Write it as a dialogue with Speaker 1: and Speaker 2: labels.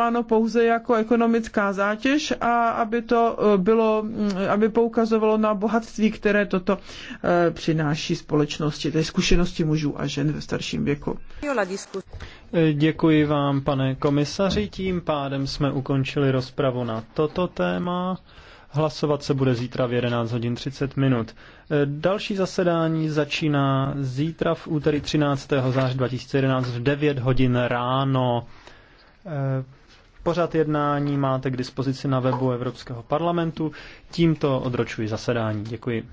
Speaker 1: vnímáno pouze jako ekonomická zátěž a aby to e, bylo, mm, aby poukazovalo na bohatství, které toto e, přináší společnosti, tedy zkušenosti mužů a žen ve starším věku. E, děkuji vám, pane
Speaker 2: komisaři. Tím
Speaker 3: pádem jsme ukončili rozpravu na toto téma. Hlasovat se bude zítra v 11 hodin 30 minut. Další zasedání začíná zítra v úterý 13. září 2011 v 9 hodin ráno. Pořad jednání máte k dispozici na webu Evropského parlamentu. Tímto odročuji zasedání. Děkuji.